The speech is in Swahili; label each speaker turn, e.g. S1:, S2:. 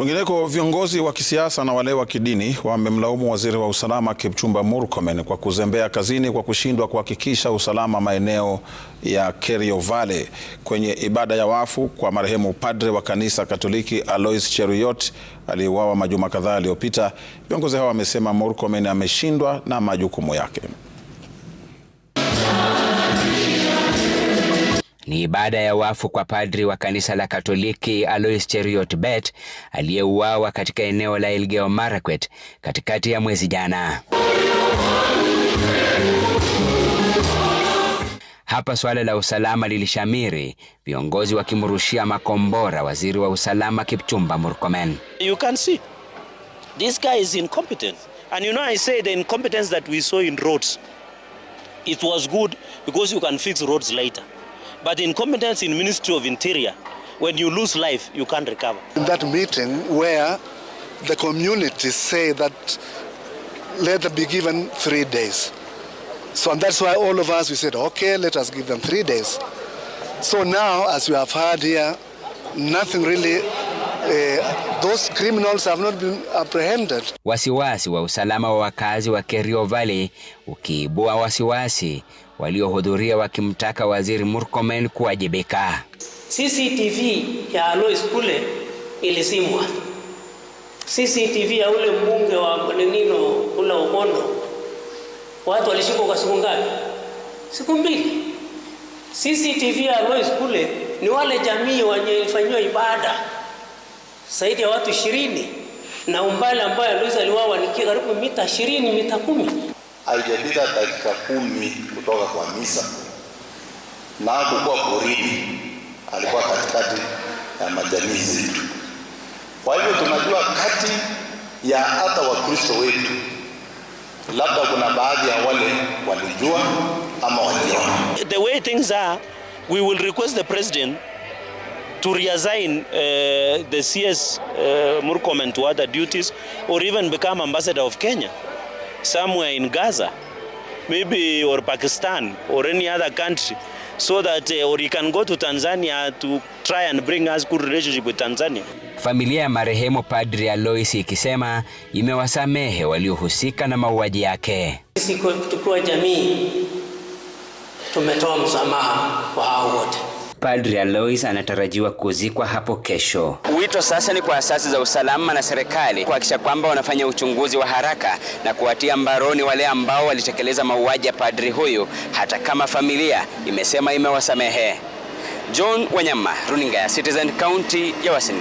S1: Kwingineko, viongozi wa kisiasa na wale wa kidini wamemlaumu waziri wa usalama Kipchumba Murkomen kwa kuzembea kazini kwa kushindwa kuhakikisha usalama maeneo ya Kerio Valley kwenye ibada ya wafu kwa marehemu padre wa kanisa Katoliki Alois Cheruiyot aliyeuawa majuma kadhaa aliyopita Viongozi hao wamesema Murkomen ameshindwa na majukumu yake.
S2: Ni ibada ya wafu kwa padri wa kanisa la Katoliki Alois Cheriot Bet aliyeuawa katika eneo la Elgeyo Marakwet katikati ya mwezi jana. Hapa suala la usalama lilishamiri, viongozi wakimrushia makombora waziri wa usalama Kipchumba Murkomen.
S3: You can see this guy is incompetent and you know I say the incompetence that we saw in roads it was good because you can fix roads later But incompetence in Ministry of Interior, when you lose life, you can't recover.
S4: In that meeting where the community say that let them be given three days. So and that's why all of us, we said, okay, let us give them three days. So now, as you have heard here, nothing really Eh,
S2: wasiwasi wa usalama wa wakazi wa Kerio Valley ukiibua wasiwasi, waliohudhuria wakimtaka Waziri Murkomen kuwajibika.
S5: CCTV ya Alois kule ilizimwa. CCTV ya ule mbunge wa Nenino ula Okondo, watu walishikwa kwa siku ngapi? Siku mbili. CCTV ya Alois kule ni wale jamii wenye ilifanyiwa ibada zaidi ya watu ishirini na umbali ambayo Alois aliwawa ni karibu mita ishirini mita kumi.
S6: Haijapita dakika kumi kutoka kwa misa na hakukuwa porini, alikuwa katikati ya majamii zetu. Kwa hivyo tunajua kati ya hata Wakristo wetu labda kuna baadhi ya wale walijua ama waliona.
S7: The way things are, we will request the president to resign uh, the CS uh, eh, Murkomen to other duties or even become ambassador of Kenya somewhere in Gaza maybe or Pakistan or any other country so that uh, or he can go to Tanzania to try and bring us good relationship with Tanzania.
S2: Familia ya marehemu Padri Alois ikisema imewasamehe waliohusika na mauaji yake.
S8: Sisi tukiwa jamii tumetoa msamaha kwa hao wote.
S2: Padri Alois anatarajiwa kuzikwa hapo kesho.
S9: Wito sasa ni kwa asasi za usalama na serikali kuhakikisha kwamba wanafanya uchunguzi wa haraka na kuwatia mbaroni wale ambao walitekeleza mauaji ya padri huyu, hata kama familia imesema imewasamehe. John Wanyama, runinga ya Citizen, kaunti ya